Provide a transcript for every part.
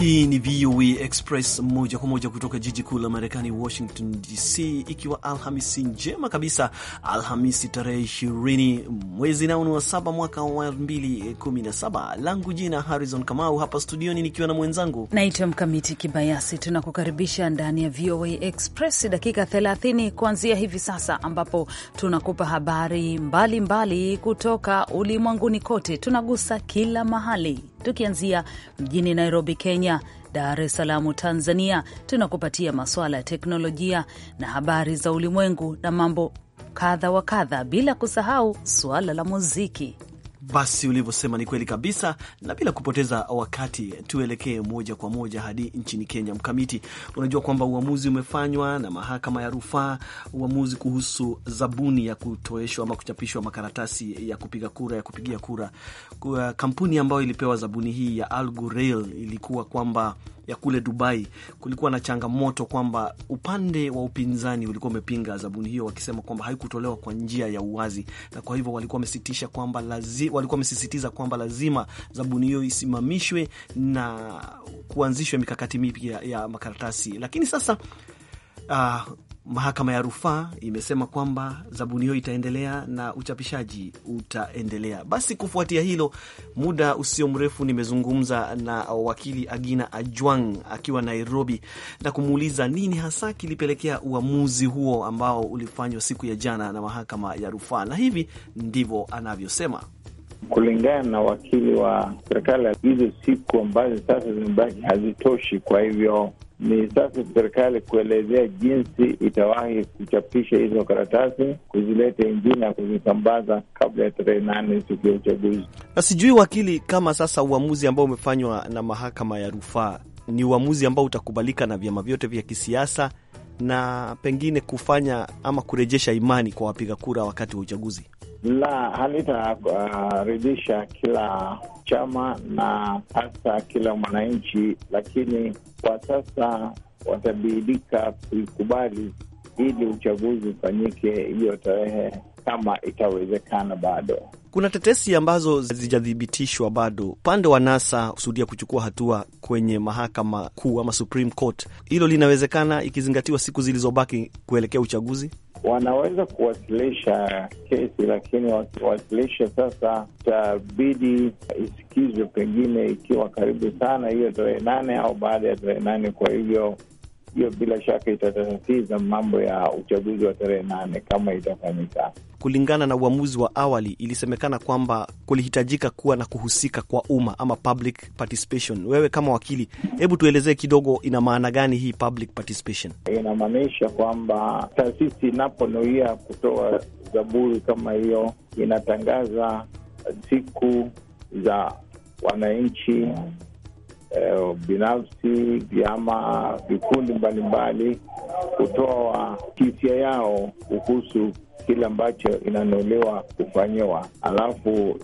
Hii ni VOA Express moja kwa moja kutoka jiji kuu la Marekani, Washington DC, ikiwa Alhamisi njema kabisa, Alhamisi tarehe ishirini mwezi naoni wa saba mwaka wa elfu mbili kumi na saba. Langu jina Harrison Kamau, hapa studioni nikiwa na mwenzangu naitwa Mkamiti Kibayasi. Tunakukaribisha ndani ya VOA Express dakika 30 kuanzia hivi sasa, ambapo tunakupa habari mbalimbali mbali kutoka ulimwenguni kote, tunagusa kila mahali tukianzia mjini Nairobi, Kenya. Dar es Salaam, Tanzania, tunakupatia masuala ya teknolojia na habari za ulimwengu na mambo kadha wa kadha, bila kusahau suala la muziki. Basi ulivyosema ni kweli kabisa, na bila kupoteza wakati tuelekee moja kwa moja hadi nchini Kenya. Mkamiti, unajua kwamba uamuzi umefanywa na mahakama ya rufaa, uamuzi kuhusu zabuni ya kutoeshwa ama kuchapishwa makaratasi ya kupiga kura ya kupigia kura. Kampuni ambayo ilipewa zabuni hii ya Algorel ilikuwa kwamba ya kule Dubai, kulikuwa na changamoto kwamba upande wa upinzani ulikuwa umepinga zabuni hiyo, wakisema kwamba haikutolewa kwa njia ya uwazi, na kwa hivyo walikuwa wamesitisha kwamba lazi, walikuwa wamesisitiza kwamba lazima zabuni hiyo isimamishwe na kuanzishwe mikakati mipya ya makaratasi, lakini sasa uh, Mahakama ya rufaa imesema kwamba zabuni hiyo itaendelea na uchapishaji utaendelea. Basi kufuatia hilo, muda usio mrefu nimezungumza na wakili Agina Ajwang akiwa Nairobi na kumuuliza nini hasa kilipelekea uamuzi huo ambao ulifanywa siku ya jana na mahakama ya rufaa, na hivi ndivyo anavyosema. Kulingana na wakili wa serikali, hizo siku ambazo sasa zimebaki hazitoshi, kwa hivyo ni sasa serikali kuelezea jinsi itawahi kuchapisha hizo karatasi, kuzileta injini na kuzisambaza kabla ya tarehe nane siku ya uchaguzi. Na sijui wakili, kama sasa uamuzi ambao umefanywa na mahakama ya rufaa ni uamuzi ambao utakubalika na vyama vyote vya kisiasa na pengine kufanya ama kurejesha imani kwa wapiga kura wakati wa uchaguzi? La, halitarejesha uh, kila chama na hasa kila mwananchi, lakini kwa sasa watabidika kuikubali ili uchaguzi ufanyike hiyo tarehe kama itawezekana bado. Kuna tetesi ambazo zijathibitishwa bado, upande wa NASA kusudia kuchukua hatua kwenye mahakama kuu ama Supreme Court. Hilo linawezekana ikizingatiwa siku zilizobaki kuelekea uchaguzi. Wanaweza kuwasilisha kesi, lakini wakiwasilisha sasa, itabidi isikizwe, pengine ikiwa karibu sana hiyo tarehe nane au baada ya tarehe nane. Kwa hivyo hiyo bila shaka itatatiza mambo ya uchaguzi wa tarehe nane kama itafanyika. Kulingana na uamuzi wa awali, ilisemekana kwamba kulihitajika kuwa na kuhusika kwa umma ama public participation. Wewe kama wakili, hebu tuelezee kidogo, ina maana gani hii public participation? Inamaanisha kwamba taasisi inaponuia kutoa zaburi kama hiyo, inatangaza siku za wananchi eh, binafsi, vyama, vikundi mbalimbali kutoa hisia yao kuhusu kile ambacho inanolewa kufanyiwa, alafu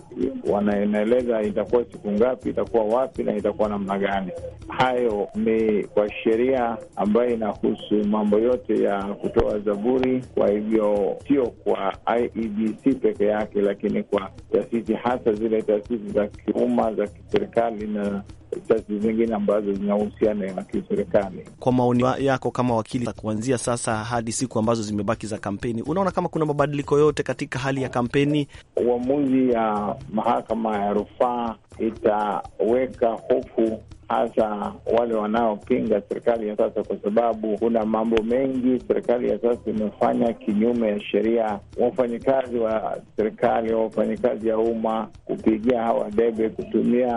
wanaeleza itakuwa siku ngapi, itakuwa wapi na itakuwa namna gani. Hayo ni kwa sheria ambayo inahusu mambo yote ya kutoa zaburi. Kwa hivyo sio kwa IEBC peke yake, lakini kwa taasisi hasa zile taasisi za kiumma za kiserikali na taasisi zingine ambazo zinahusiana na kiserikali. Kwa maoni yako kama wakili, kuanzia sasa hadi siku ambazo zimebaki za kampeni, unaona kama kuna kuna mabadiliko yote katika hali ya kampeni. Uamuzi ya mahakama ya rufaa itaweka hofu hasa wale wanaopinga serikali ya sasa, kwa sababu kuna mambo mengi serikali ya sasa imefanya kinyume ya sheria. Wafanyikazi wa serikali, wafanyikazi ya umma kupigia hawa debe, kutumia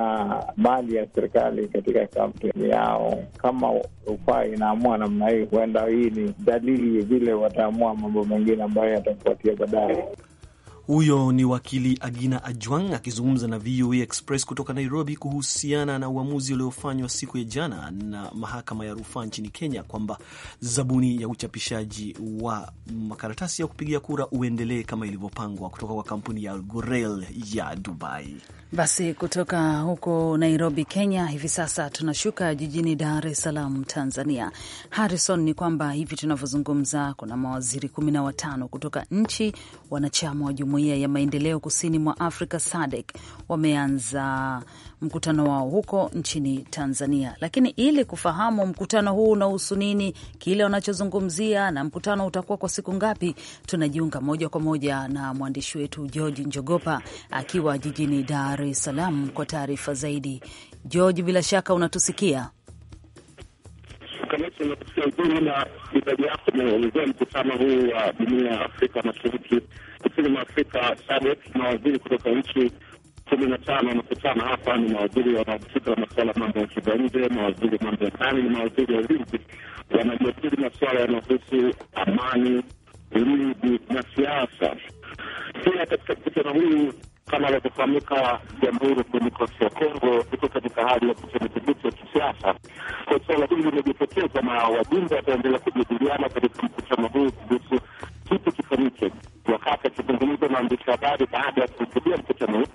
mali ya serikali katika kampeni yao. Kama rufaa inaamua namna hii, huenda hii ni dalili vile wataamua mambo mengine ambayo yatafuatia baadaye. Huyo ni wakili Agina Ajwang akizungumza na VOA Express kutoka Nairobi kuhusiana na uamuzi uliofanywa siku ya jana na mahakama ya rufaa nchini Kenya kwamba zabuni ya uchapishaji wa makaratasi ya kupigia kura uendelee kama ilivyopangwa kutoka kwa kampuni ya Gorel ya Dubai. Basi kutoka huko Nairobi, Kenya, hivi sasa tunashuka jijini Dar es Salaam, Tanzania. Harrison, ni kwamba hivi tunavyozungumza kuna mawaziri kumi na watano kutoka nchi wanachama wa jumuiya jumuiya ya maendeleo kusini mwa Afrika SADC wameanza mkutano wao huko nchini Tanzania. Lakini ili kufahamu mkutano huu unahusu nini, kile wanachozungumzia na mkutano utakuwa kwa siku ngapi, tunajiunga moja kwa moja na mwandishi wetu George Njogopa akiwa jijini Dar es Salaam kwa taarifa zaidi. George, bila shaka unatusikia? Kamisi ujumla idadi yako umeongezea mkutano huu wa jumuiya ya Afrika Mashariki kusini mwa Afrika SADC mawaziri kutoka nchi kumi na tano wanakutana hapa. Ni mawaziri wanaohusika na masuala ya mambo ya nchi za nje, mawaziri mambo ya ndani ni mawaziri wa ulinzi. Wanajadili masuala yanayohusu amani, ulinzi na siasa. Pia katika mkutano huu kama alivyofahamika, Jamhuri ya Kidemokrasia ya Kongo iko katika hali ya kuchangamoto ya kisiasa. Kwa suala hili limejitokeza, na wajumbe wataendelea kujadiliana katika mkutano huu kuhusu kitu kifanyike. Wakati akizungumza na waandishi habari baada ya kuhutubia mkutano,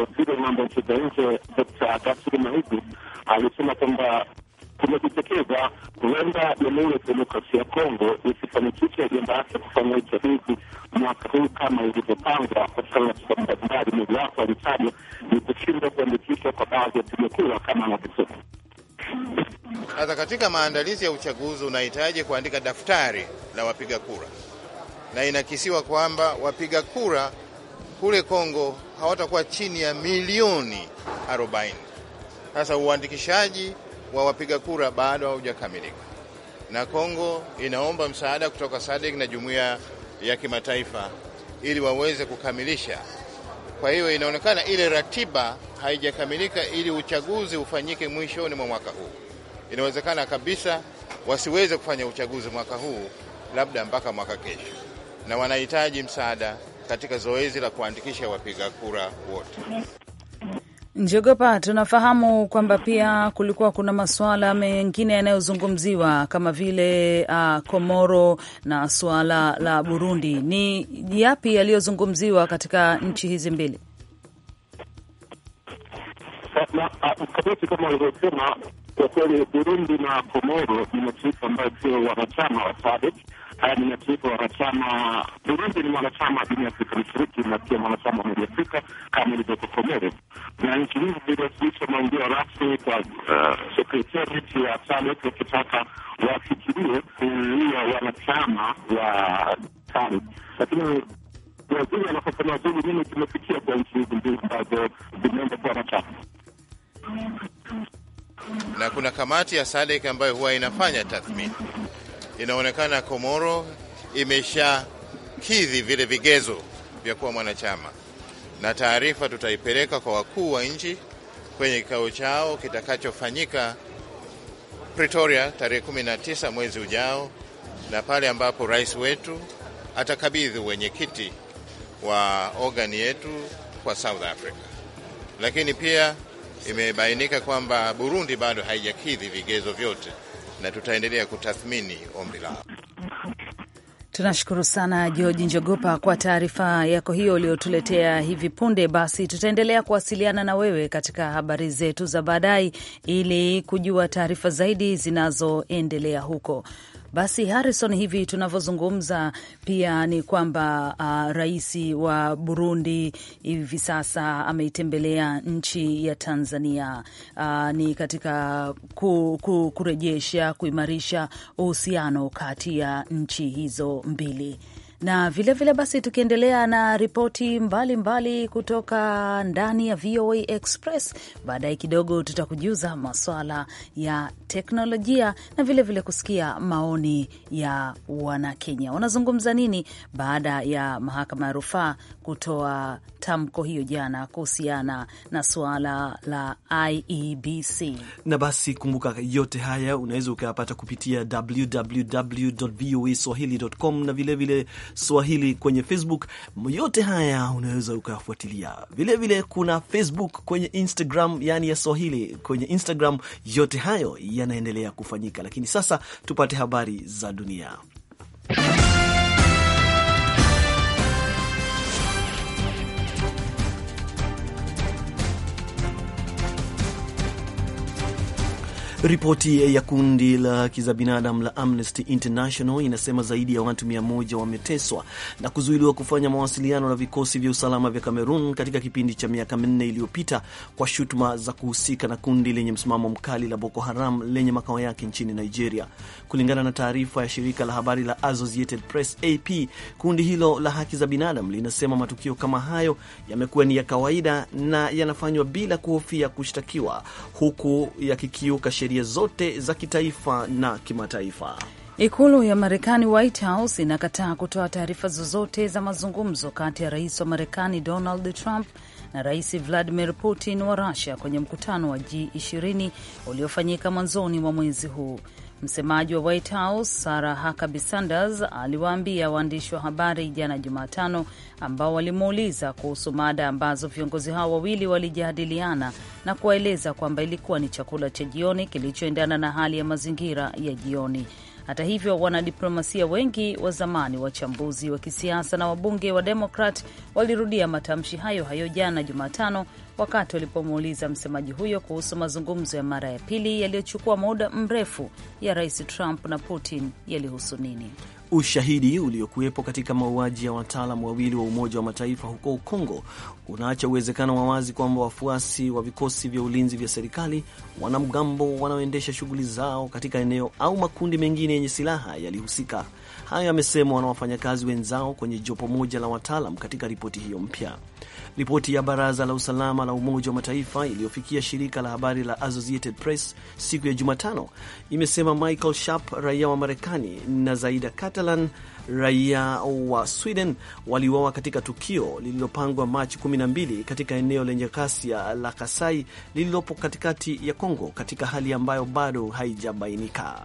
waziri wa mambo ya nchi za nje Dkt. Gasri Mahigu alisema kwamba kumejitokeza huenda Jamhuri ya Kidemokrasia ya Kongo isifanikishe ajenda yake kufanya uchaguzi mwaka huu kama ilivyopangwa, kutokana na sababu mbalimbali. Mojawapo alitaja ni kushindwa kuandikishwa kwa baadhi ya piga kura, kama anavyosema sasa. Katika maandalizi ya uchaguzi unahitaji kuandika daftari la wapiga kura na inakisiwa kwamba wapiga kura kule Kongo hawatakuwa chini ya milioni 40. Sasa uandikishaji wa wapiga kura bado haujakamilika, na Kongo inaomba msaada kutoka SADC na jumuiya ya kimataifa ili waweze kukamilisha. Kwa hiyo inaonekana ile ratiba haijakamilika ili uchaguzi ufanyike mwishoni mwa mwaka huu. Inawezekana kabisa wasiweze kufanya uchaguzi mwaka huu, labda mpaka mwaka kesho na wanahitaji msaada katika zoezi la kuandikisha wapiga kura wote. Njogopa, tunafahamu kwamba pia kulikuwa kuna masuala mengine yanayozungumziwa kama vile uh, Komoro na suala la Burundi. Ni yapi yaliyozungumziwa katika nchi hizi mbili? Mkamiti, ah, kama walivyosema, kwa kweli Burundi na Komoro ni mataifa ambayo sio wanachama wa SADC Haya ni mataifa wanachama. Burundi ni mwanachama wa jumuiya ya Afrika Mashariki na pia mwanachama wa Umoja Afrika kama ilivyoko Komoro, na nchi hizi ziliwasilisha maongeo rasmi kwa uh, sekretarieti ya SADC wakitaka wafikirie wanachama wa SADC, lakini waziri kimefikia kwa nchi hizi mbili ambazo zimeenda kuwa wanachama na kuna kamati ya SADC ambayo huwa inafanya tathmini inaonekana Komoro imeshakidhi vile vigezo vya kuwa mwanachama, na taarifa tutaipeleka kwa wakuu wa nchi kwenye kikao chao kitakachofanyika Pretoria tarehe 19 mwezi ujao, na pale ambapo rais wetu atakabidhi wenyekiti wa ogani yetu kwa South Africa. Lakini pia imebainika kwamba Burundi bado haijakidhi vigezo vyote na tutaendelea kutathmini ombi lao. Tunashukuru sana George Njogopa kwa taarifa yako hiyo uliotuletea hivi punde. Basi tutaendelea kuwasiliana na wewe katika habari zetu za baadaye, ili kujua taarifa zaidi zinazoendelea huko. Basi Harrison, hivi tunavyozungumza pia ni kwamba uh, rais wa Burundi hivi sasa ameitembelea nchi ya Tanzania uh, ni katika ku, ku, kurejesha kuimarisha uhusiano kati ya nchi hizo mbili na vilevile vile basi, tukiendelea na ripoti mbalimbali kutoka ndani ya VOA Express, baadaye kidogo tutakujuza maswala ya teknolojia na vilevile vile kusikia maoni ya Wanakenya wanazungumza nini baada ya mahakama ya rufaa kutoa tamko hiyo jana kuhusiana na suala la IEBC. Na basi kumbuka, yote haya unaweza ukayapata kupitia www voa swahili.com na vilevile Swahili kwenye Facebook. Yote haya unaweza ukayafuatilia vilevile. Kuna Facebook kwenye Instagram, yani ya Swahili kwenye Instagram. Yote hayo yanaendelea kufanyika, lakini sasa tupate habari za dunia. Ripoti ya kundi la haki za binadamu la Amnesty International inasema zaidi ya watu mia moja wameteswa na kuzuiliwa kufanya mawasiliano na vikosi vya usalama vya cameron katika kipindi cha miaka minne iliyopita kwa shutuma za kuhusika na kundi lenye msimamo mkali la Boko Haram lenye makao yake nchini Nigeria. Kulingana na taarifa ya shirika la habari la Associated Press AP, kundi hilo la haki za binadamu linasema matukio kama hayo yamekuwa ni ya kawaida na yanafanywa bila kuhofia kushtakiwa huku yakikiuka sheria sheria zote za kitaifa na kimataifa. Ikulu ya Marekani, White House, inakataa kutoa taarifa zozote za mazungumzo kati ya rais wa Marekani Donald Trump na rais Vladimir Putin wa Rusia kwenye mkutano wa G20 uliofanyika mwanzoni mwa mwezi huu. Msemaji wa White House Sarah Huckabee Sanders aliwaambia waandishi wa habari jana Jumatano, ambao walimuuliza kuhusu mada ambazo viongozi hao wawili walijadiliana na kuwaeleza kwamba ilikuwa ni chakula cha jioni kilichoendana na hali ya mazingira ya jioni. Hata hivyo, wanadiplomasia wengi wa zamani, wachambuzi wa kisiasa na wabunge wa Demokrat walirudia matamshi hayo hayo jana Jumatano wakati walipomuuliza msemaji huyo kuhusu mazungumzo ya mara ya pili yaliyochukua muda mrefu ya Rais Trump na Putin yalihusu nini. Ushahidi uliokuwepo katika mauaji ya wataalam wawili wa Umoja wa Mataifa huko Kongo unaacha uwezekano wa wazi kwamba wafuasi wa vikosi vya ulinzi vya serikali, wanamgambo wanaoendesha shughuli zao katika eneo au makundi mengine yenye silaha yalihusika Hayo yamesemwa na wafanyakazi wenzao kwenye jopo moja la wataalam katika ripoti hiyo mpya. Ripoti ya Baraza la Usalama la Umoja wa Mataifa iliyofikia shirika la habari la Associated Press siku ya Jumatano imesema Michael Sharp, raia wa Marekani, na Zaida Catalan, raia wa Sweden, waliuawa katika tukio lililopangwa Machi 12 katika eneo lenye ghasia la Kasai lililopo katikati ya Kongo, katika hali ambayo bado haijabainika.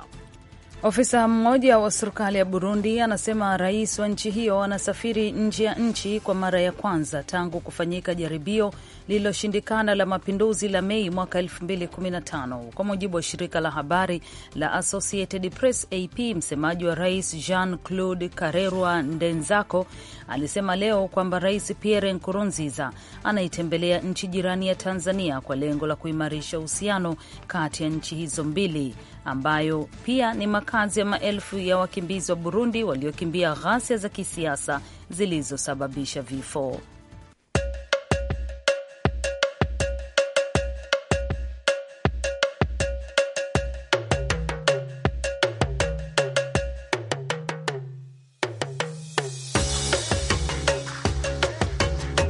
Ofisa mmoja wa serikali ya Burundi anasema rais wa nchi hiyo anasafiri nje ya nchi kwa mara ya kwanza tangu kufanyika jaribio lililoshindikana la mapinduzi la Mei mwaka 2015 kwa mujibu wa shirika la habari la Associated Press, AP. Msemaji wa rais Jean Claude Karerwa Ndenzako alisema leo kwamba rais Pierre Nkurunziza anaitembelea nchi jirani ya Tanzania kwa lengo la kuimarisha uhusiano kati ya nchi hizo mbili ambayo pia ni makazi ya maelfu ya wakimbizi wa Burundi waliokimbia ghasia za kisiasa zilizosababisha vifo.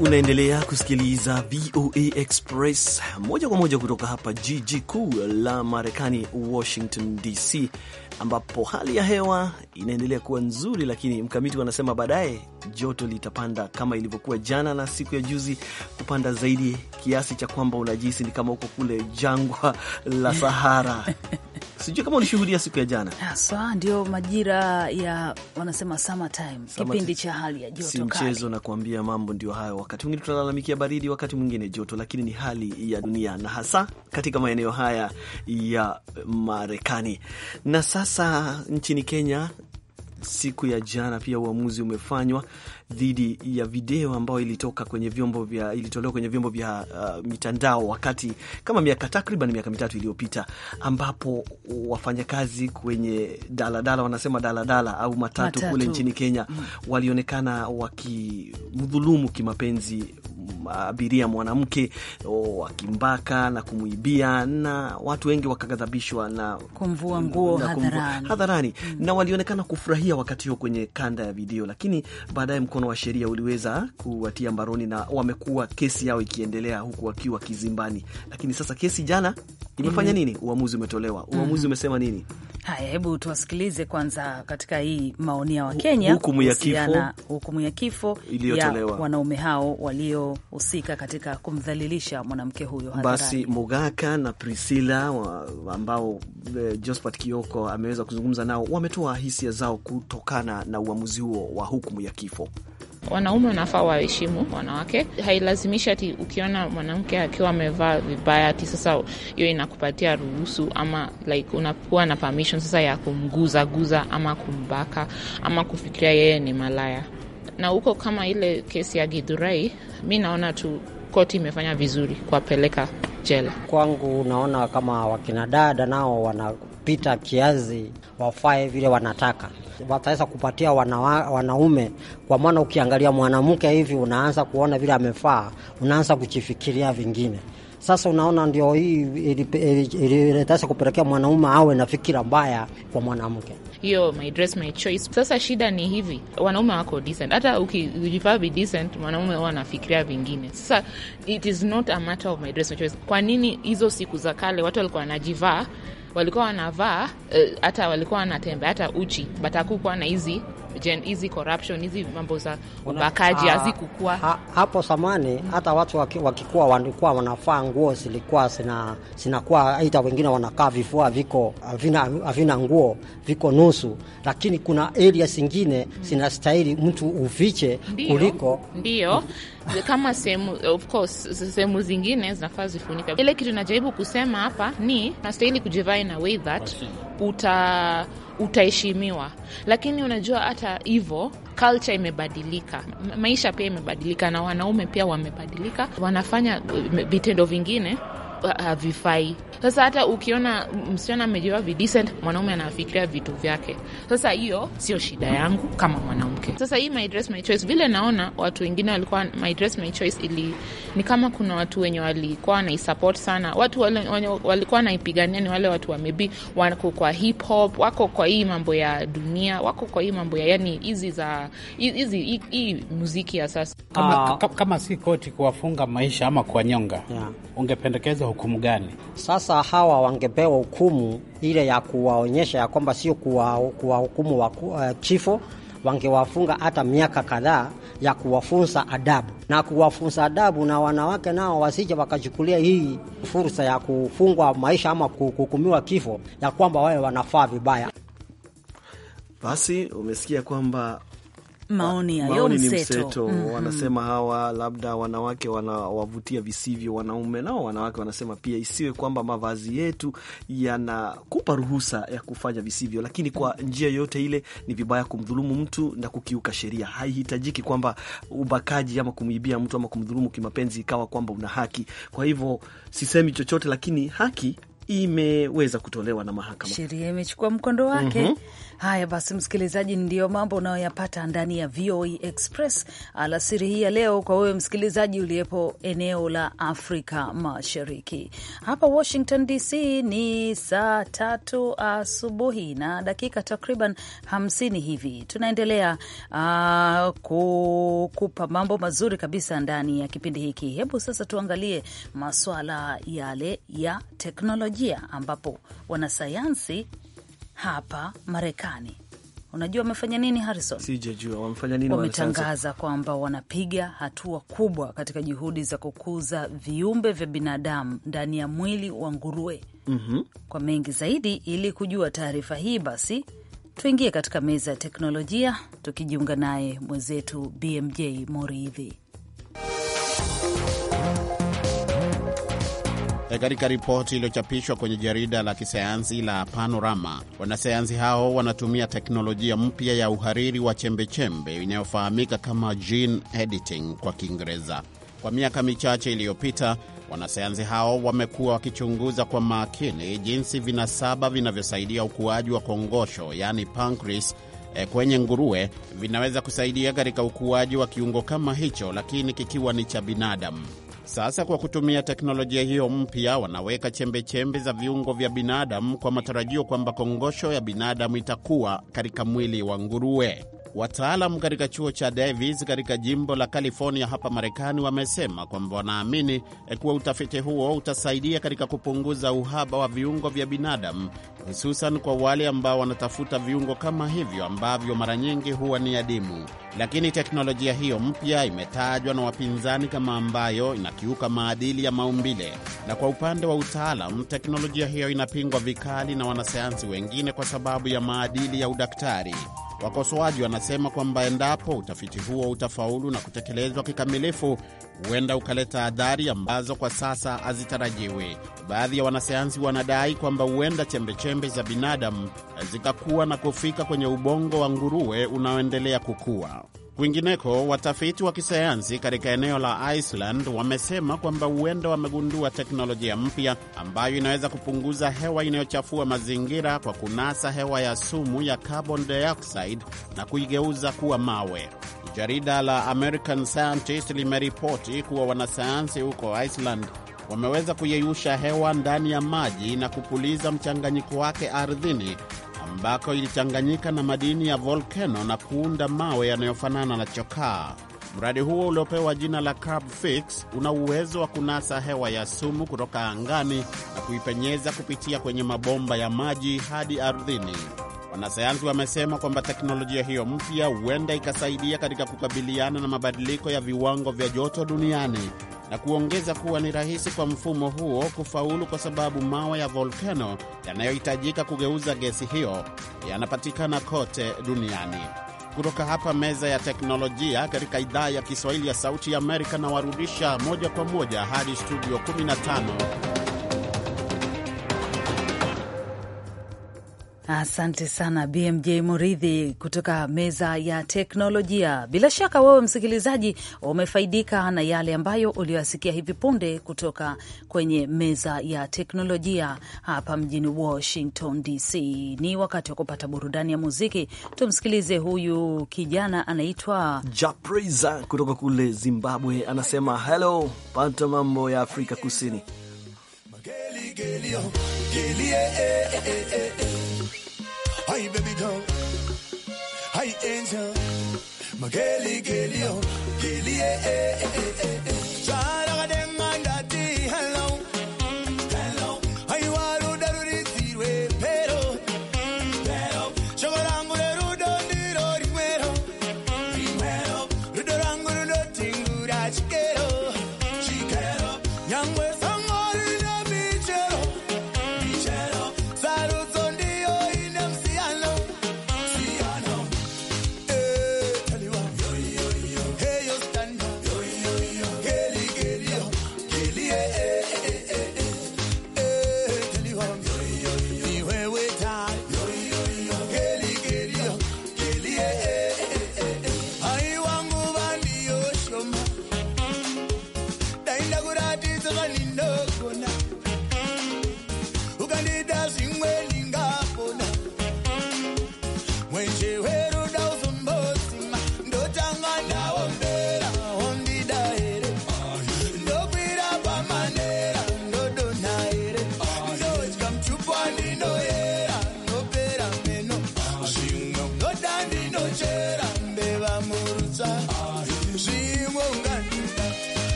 Unaendelea kusikiliza VOA Express moja kwa moja kutoka hapa jiji kuu la Marekani, Washington DC, ambapo hali ya hewa inaendelea kuwa nzuri, lakini mkamiti wanasema baadaye joto litapanda kama ilivyokuwa jana na siku ya juzi, kupanda zaidi kiasi cha kwamba unajihisi ni kama uko kule jangwa la Sahara. Sijui kama ulishuhudia siku ya jana haswa, ndio majira ya wanasema kipindi cha hali ya joto. Si mchezo na kuambia mambo ndio hayo. Wakati mwingine tunalalamikia baridi, wakati mwingine joto, lakini ni hali ya dunia, na hasa katika maeneo haya ya Marekani. Na sasa nchini Kenya, siku ya jana pia uamuzi umefanywa dhidi ya video ambayo ilitoka kwenye vyombo vya ilitolewa kwenye vyombo vya uh, mitandao wakati kama miaka takriban miaka mitatu iliyopita, ambapo wafanyakazi kwenye daladala wanasema daladala au matatu, matatu kule nchini Kenya mm, walionekana wakimdhulumu kimapenzi abiria mwanamke wakimbaka na kumwibia, na watu wengi wakaghadhabishwa na kumvua nguo hadharani, mm. na walionekana kufurahia wakati huo kwenye kanda ya video, lakini baadaye mkono wa sheria uliweza kuwatia mbaroni na wamekuwa kesi yao ikiendelea huku wakiwa kizimbani. Lakini sasa kesi jana imefanya mhm. nini? Uamuzi umetolewa. Uamuzi mhm. umesema nini? Haya, hebu tuwasikilize kwanza katika hii maoni ya Wakenya, hukumu ya kifo iliyotolewa ya wanaume hao waliohusika katika kumdhalilisha mwanamke huyo hadharani. Basi Mugaka na Priscilla ambao e, Josphat Kioko ameweza kuzungumza nao wametoa hisia zao kutokana na uamuzi huo wa hukumu ya kifo. Wanaume wanafaa waheshimu wanawake, hailazimishi ati ukiona mwanamke akiwa amevaa vibaya ati sasa hiyo inakupatia ruhusu ama like unakuwa na permission sasa ya kumguzaguza ama kumbaka ama kufikiria yeye ni malaya. Na huko kama ile kesi ya Githurai, mi naona tu koti imefanya vizuri kuwapeleka jela. Kwangu naona kama wakinadada nao wanapita kiazi, wafae vile wanataka wataweza kupatia wanawa, wanaume. Kwa maana ukiangalia mwanamke hivi unaanza kuona vile amefaa, unaanza kujifikiria vingine. Sasa unaona ndio hii ilitaweza kupelekea mwanaume awe na fikira mbaya kwa mwanamke. Hiyo my dress my choice. Sasa shida ni hivi, wanaume wako decent, hata ukijivaa be decent, mwanaume huwa anafikiria vingine. Sasa it is not a matter of my dress my choice. Kwa nini hizo siku za kale watu walikuwa wanajivaa walikuwa wanavaa eh, hata, uh, walikuwa wanatembea hata uchi, batakukuwa na hizi hizi corruption hizi mambo za ubakaji ah, hazikukua ha, hapo zamani. Hata watu wakikuwa walikuwa wanafaa nguo zilikuwa zinakuwa aidha, wengine wanakaa vifua viko havina nguo viko nusu, lakini kuna aria zingine mm. zinastahili mtu ufiche kuliko ndio mm kama sehemu of course sehemu zingine zinafaa zifunika. Ile kitu najaribu kusema hapa ni nastahili kujivaa in a way that uta utaheshimiwa, lakini unajua hata hivyo culture imebadilika, maisha pia imebadilika, na wanaume pia wamebadilika, wanafanya eh, vitendo vingine Uh, havifai. Sasa hata ukiona msichana amejiwa videcent, mwanaume anafikiria vitu vyake. Sasa hiyo sio shida yangu kama mwanamke. Sasa hii my dress my choice, vile naona watu wengine walikuwa my dress my choice ili ni kama kuna watu wenye walikuwa wanaisupport sana, watu wale, wale, walikuwa wanaipigania ni wale watu wa maybe wako kwa hip hop, wako kwa hii mambo ya dunia, wako kwa hii mambo ya yani hizi za hizi hii muziki ya sasa kama, ah. kama si koti kuwafunga maisha ama kuwanyonga yeah. Ungependekeza hukumu gani? Sasa hawa wangepewa hukumu ile ya kuwaonyesha ya kwamba sio kuwahukumu wa uh, kifo wangewafunga hata miaka kadhaa ya kuwafunza adabu na kuwafunza adabu, na wanawake nao wasija wakachukulia hii fursa ya kufungwa maisha ama kuhukumiwa kifo ya kwamba wawe wanafaa vibaya. Basi umesikia kwamba maoni ya maoni ni mseto mm -hmm. Wanasema hawa labda wanawake wanawavutia visivyo wanaume, nao wanawake wanasema pia isiwe kwamba mavazi yetu yanakupa ruhusa ya kufanya visivyo, lakini kwa njia yoyote ile ni vibaya kumdhulumu mtu na kukiuka sheria. Haihitajiki kwamba ubakaji ama kumwibia mtu ama kumdhulumu kimapenzi ikawa kwamba una haki. Kwa hivyo sisemi chochote, lakini haki imeweza kutolewa na mahakama, sheria imechukua mkondo wake. mm -hmm. Haya basi, msikilizaji, ndiyo mambo unayoyapata ndani ya VOA e Express alasiri hii ya leo, kwa wewe msikilizaji uliyepo eneo la Afrika Mashariki. Hapa Washington DC ni saa tatu asubuhi na dakika takriban hamsini hivi. Tunaendelea ah, kukupa mambo mazuri kabisa ndani ya kipindi hiki. Hebu sasa tuangalie maswala yale ya teknolojia, ambapo wanasayansi hapa Marekani. Unajua wamefanya nini Harrison? Sijajua wamefanya nini. Wametangaza kwamba wanapiga hatua kubwa katika juhudi za kukuza viumbe vya binadamu ndani ya mwili wa nguruwe. mm -hmm. Kwa mengi zaidi, ili kujua taarifa hii, basi tuingie katika meza ya teknolojia tukijiunga naye mwenzetu BMJ Moridhi. Eh, katika ripoti iliyochapishwa kwenye jarida la kisayansi la Panorama, wanasayansi hao wanatumia teknolojia mpya ya uhariri wa chembechembe inayofahamika kama gene editing kwa Kiingereza. Kwa miaka michache iliyopita, wanasayansi hao wamekuwa wakichunguza kwa makini jinsi vinasaba vinavyosaidia ukuaji wa kongosho, yaani pancreas, eh, kwenye nguruwe vinaweza kusaidia katika ukuaji wa kiungo kama hicho, lakini kikiwa ni cha binadamu. Sasa kwa kutumia teknolojia hiyo mpya, wanaweka chembechembe za viungo vya binadamu kwa matarajio kwamba kongosho ya binadamu itakuwa katika mwili wa nguruwe. Wataalam katika chuo cha Davis katika jimbo la California hapa Marekani wamesema kwamba wanaamini eh, kuwa utafiti huo utasaidia katika kupunguza uhaba wa viungo vya binadamu, hususan kwa wale ambao wanatafuta viungo kama hivyo ambavyo mara nyingi huwa ni adimu. Lakini teknolojia hiyo mpya imetajwa na wapinzani kama ambayo inakiuka maadili ya maumbile, na kwa upande wa utaalam, teknolojia hiyo inapingwa vikali na wanasayansi wengine kwa sababu ya maadili ya udaktari. Wakosoaji wanasema kwamba endapo utafiti huo utafaulu na kutekelezwa kikamilifu, huenda ukaleta adhari ambazo kwa sasa hazitarajiwi. Baadhi ya wanasayansi wanadai kwamba huenda chembechembe za binadamu zikakuwa na kufika kwenye ubongo wa nguruwe unaoendelea kukua. Kwingineko, watafiti wa kisayansi katika eneo la Iceland wamesema kwamba huenda wamegundua teknolojia mpya ambayo inaweza kupunguza hewa inayochafua mazingira kwa kunasa hewa ya sumu ya carbon dioxide na kuigeuza kuwa mawe. Jarida la American Scientist limeripoti kuwa wanasayansi huko Iceland wameweza kuyeyusha hewa ndani ya maji na kupuliza mchanganyiko wake ardhini ambako ilichanganyika na madini ya volkeno na kuunda mawe yanayofanana na chokaa. Mradi huo uliopewa jina la Carb Fix una uwezo wa kunasa hewa ya sumu kutoka angani na kuipenyeza kupitia kwenye mabomba ya maji hadi ardhini. Wanasayansi wamesema kwamba teknolojia hiyo mpya huenda ikasaidia katika kukabiliana na mabadiliko ya viwango vya joto duniani na kuongeza kuwa ni rahisi kwa mfumo huo kufaulu kwa sababu mawe ya volkano yanayohitajika kugeuza gesi hiyo yanapatikana kote duniani. Kutoka hapa meza ya teknolojia katika idhaa ya Kiswahili ya Sauti ya Amerika, na warudisha moja kwa moja hadi studio 15. Asante sana BMJ Muridhi kutoka meza ya teknolojia. Bila shaka wewe msikilizaji umefaidika na yale ambayo uliyoyasikia hivi punde kutoka kwenye meza ya teknolojia hapa mjini Washington DC. Ni wakati wa kupata burudani ya muziki. Tumsikilize huyu kijana anaitwa Japriza kutoka kule Zimbabwe, anasema helo pata mambo ya Afrika Kusini. eh, eh, eh, eh. eh, eh. Hi, baby doll, Hi, angel. Mageli, gelio, gelie, eh, eh, eh, eh. eh.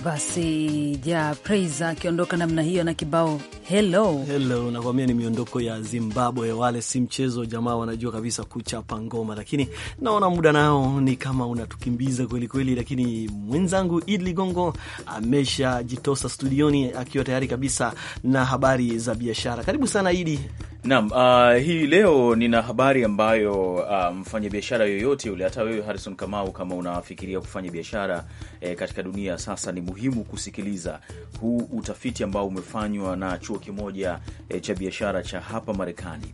basi ja Praise akiondoka namna hiyo na kibao Hello. Hello, ni miondoko ya Zimbabwe, wale si mchezo jamaa, wanajua kabisa kuchapa ngoma, lakini naona muda nao ni kama unatukimbiza kweli kweli, lakini mwenzangu Id Ligongo ameshajitosa studioni akiwa tayari kabisa na habari za biashara. Karibu sana Idi. Naam, uh, hii leo nina habari ambayo uh, ah, biashara yoyote yule, hata wewe Harrison Kamau, kama unafikiria kufanya biashara eh, katika dunia sasa, ni muhimu kusikiliza huu utafiti ambao umefanywa na chuo kimoja e, cha biashara cha hapa Marekani.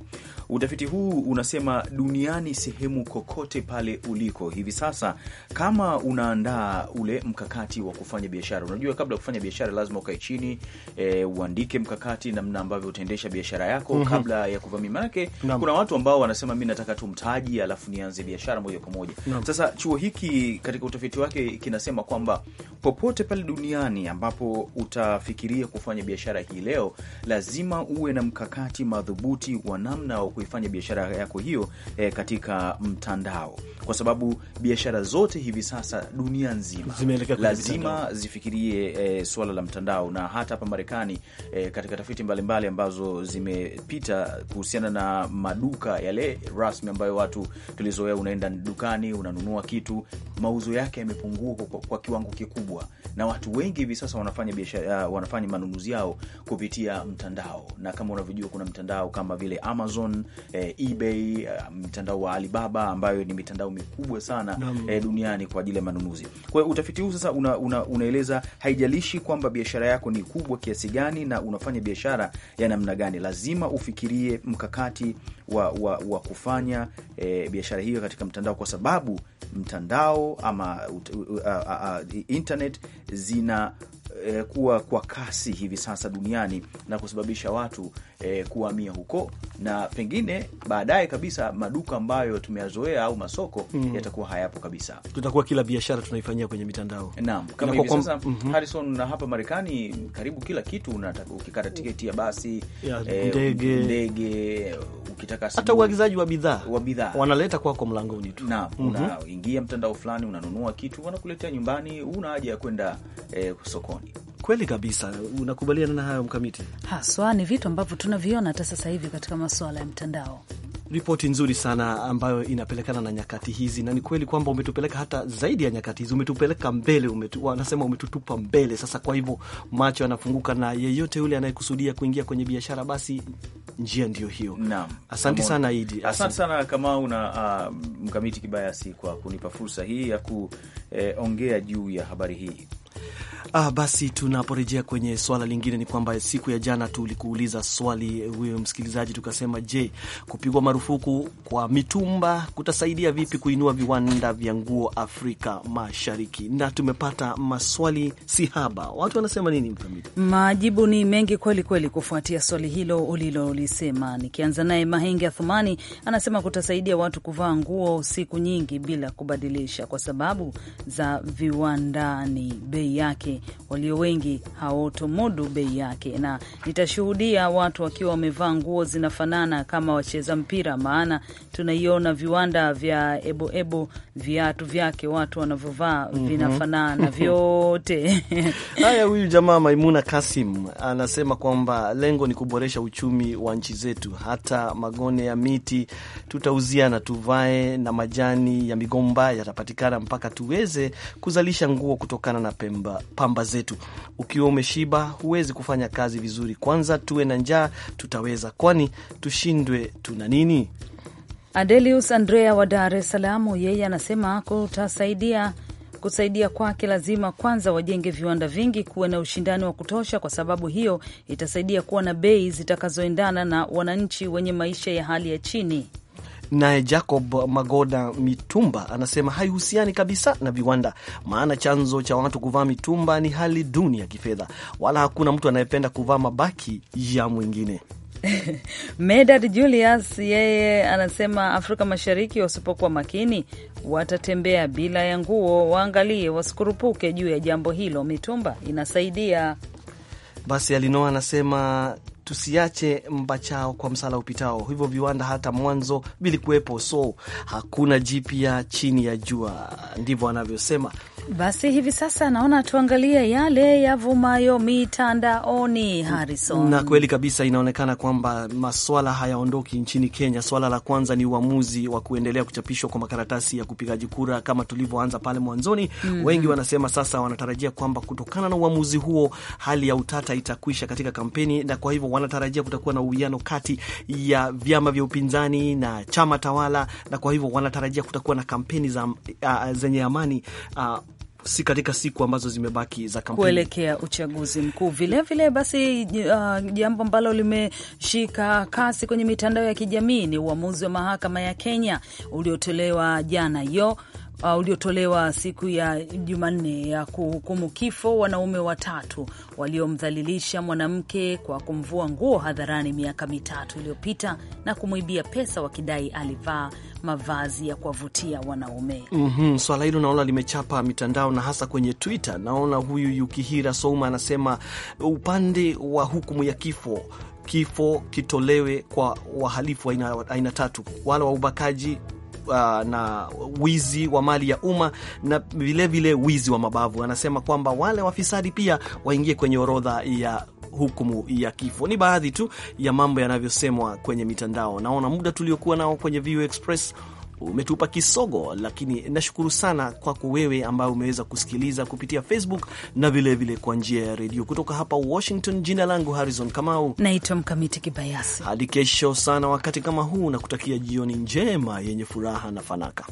Utafiti huu unasema duniani, sehemu kokote pale uliko hivi sasa, kama unaandaa ule mkakati wa kufanya biashara, unajua kabla ya kufanya biashara lazima ukae chini e, uandike mkakati namna ambavyo utaendesha biashara yako mm -hmm. kabla ya kuvamia, manake kuna watu ambao wanasema mi nataka tu mtaji alafu nianze biashara moja kwa moja. Sasa chuo hiki katika utafiti wake kinasema kwamba popote pale duniani ambapo utafikiria kufanya biashara hii leo, lazima uwe na mkakati madhubuti wa namna wa kuifanya biashara yako hiyo e, katika mtandao, kwa sababu biashara zote hivi sasa dunia nzima lazima mtandao zifikirie e, eh, suala la mtandao, na hata hapa Marekani e, katika tafiti mbalimbali ambazo zimepita kuhusiana na maduka yale rasmi ambayo watu tulizoea, unaenda dukani unanunua kitu, mauzo yake yamepungua kwa, kwa kiwango kikubwa, na watu wengi hivi sasa wanafanya biashara, wanafanya manunuzi yao kupitia mtandao, na kama unavyojua kuna mtandao kama vile Amazon, e, eBay, eh, mtandao wa Alibaba ambayo ni mitandao mikubwa sana e, duniani kwa ajili ya manunuzi. Kwa hiyo utafiti huu sasa una, una, unaeleza haijalishi kwamba biashara yako ni kubwa kiasi gani na unafanya biashara ya namna gani, lazima ufikirie mkakati wa, wa, wa kufanya e, biashara hiyo katika mtandao kwa sababu mtandao ama uh, uh, uh, internet zina eh, kuwa kwa kasi hivi sasa duniani na kusababisha watu eh, kuhamia huko, na pengine baadaye kabisa maduka ambayo tumeyazoea au masoko mm -hmm. yatakuwa hayapo kabisa, tutakuwa kila biashara tunaifanyia kwenye mitandao. Naam, kama hivi sasa mm -hmm. Harrison, na hapa Marekani karibu kila kitu unataka, ukikata tiketi ya basi, eh, ndege ukitaka hata uagizaji wa bidhaa wa bidhaa wanaleta kwako mlangoni tu, na mhm. unaingia mtandao fulani unanunua kitu wanakuletea nyumbani, una haja ya kwenda eh, sokoni. Kweli kabisa, unakubaliana na hayo mkamiti? Haswa ni vitu ambavyo tunaviona hata sasa hivi katika masuala ya mtandao. Ripoti nzuri sana ambayo inapelekana na nyakati hizi, na ni kweli kwamba umetupeleka hata zaidi ya nyakati hizi, umetupeleka mbele umetu, umetutupa mbele. Sasa kwa hivyo macho yanafunguka, na yeyote yule anayekusudia kuingia kwenye biashara, basi njia ndio hiyo. asante sana Idi, asante sana Kamau na uh, ah, Mkamiti Kibayasi kwa kunipa fursa hii ya kuongea eh, juu ya habari hii. Ah, basi tunaporejea kwenye swala lingine ni kwamba siku ya jana tulikuuliza swali huyo msikilizaji, tukasema je, kupigwa marufuku kwa mitumba kutasaidia vipi kuinua viwanda vya nguo Afrika Mashariki? Na tumepata maswali si haba, watu wanasema nini mkamiti? Majibu ni mengi kweli kweli kufuatia swali hilo ulilolisema. Nikianza naye Mahenge Athumani anasema kutasaidia watu kuvaa nguo siku nyingi bila kubadilisha kwa sababu za viwandani be bei yake, walio wengi hawatomudu bei yake, na nitashuhudia watu wakiwa wamevaa nguo zinafanana kama wacheza mpira, maana tunaiona viwanda vya eboebo viatu vyake watu wanavyovaa mm -hmm. vinafanana vyote. Haya, huyu jamaa Maimuna Kasim anasema kwamba lengo ni kuboresha uchumi wa nchi zetu, hata magone ya miti tutauziana, tuvae na majani ya migomba yatapatikana mpaka tuweze kuzalisha nguo kutokana na pembe pemba, pamba zetu. Ukiwa umeshiba huwezi kufanya kazi vizuri. Kwanza tuwe na njaa, tutaweza? Kwani tushindwe? Tuna nini? Adelius Andrea wa Dar es Salaam, yeye anasema kutasaidia kusaidia kwake lazima kwanza wajenge viwanda vingi, kuwe na ushindani wa kutosha, kwa sababu hiyo itasaidia kuwa na bei zitakazoendana na wananchi wenye maisha ya hali ya chini. Naye Jacob Magoda Mitumba anasema haihusiani kabisa na viwanda, maana chanzo cha watu kuvaa mitumba ni hali duni ya kifedha, wala hakuna mtu anayependa kuvaa mabaki ya mwingine. Medad Julius yeye anasema Afrika Mashariki wasipokuwa makini watatembea bila ya nguo, waangalie wasikurupuke juu ya jambo hilo, mitumba inasaidia. Basi Alinoa anasema tusiache mbachao kwa msala upitao, hivyo viwanda hata mwanzo vilikuwepo, so hakuna jipya chini ya jua, ndivyo anavyosema. Basi hivi sasa naona tuangalie yale yavumayo mitandaoni, Harrison. Na kweli kabisa inaonekana kwamba maswala hayaondoki nchini Kenya. Swala la kwanza ni uamuzi wa kuendelea kuchapishwa kwa makaratasi ya kupigaji kura kama tulivyoanza pale mwanzoni. mm -hmm. Wengi wanasema sasa wanatarajia kwamba kutokana na uamuzi huo hali ya utata itakwisha katika kampeni na kwa hivyo wanatarajia kutakuwa na uwiano kati ya vyama vya upinzani na chama tawala, na kwa hivyo wanatarajia kutakuwa na kampeni za, uh, zenye amani uh, si katika siku ambazo zimebaki za kampeni kuelekea uchaguzi mkuu. Vilevile basi, uh, jambo ambalo limeshika kasi kwenye mitandao ya kijamii ni uamuzi wa mahakama ya Kenya uliotolewa jana yo uh, uliotolewa siku ya Jumanne ya kuhukumu kifo wanaume watatu waliomdhalilisha mwanamke kwa kumvua nguo hadharani miaka mitatu iliyopita na kumwibia pesa wakidai alivaa mavazi ya kuwavutia wanaume. mm -hmm. Swala hilo naona limechapa mitandao na hasa kwenye Twitter. Naona huyu Yukihira Souma anasema upande wa hukumu ya kifo kifo kitolewe kwa wahalifu aina, aina tatu: wale wa ubakaji, uh, na wizi wa mali ya umma na vilevile wizi wa mabavu. Anasema kwamba wale wafisadi pia waingie kwenye orodha ya hukumu ya kifo. Ni baadhi tu ya mambo yanavyosemwa kwenye mitandao. Naona muda tuliokuwa nao kwenye VU Express umetupa kisogo, lakini nashukuru sana kwako wewe ambaye umeweza kusikiliza kupitia Facebook na vilevile kwa njia ya redio kutoka hapa Washington. Jina langu Harrison Kamau, naitwa Mkamiti Kibayasi. Hadi kesho sana wakati kama huu, na kutakia jioni njema yenye furaha na fanaka.